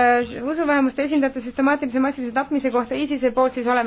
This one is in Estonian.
Äh, usuvähemuste esindajate süstemaatilise massilise tapmise kohta ISISe poolt, siis oleme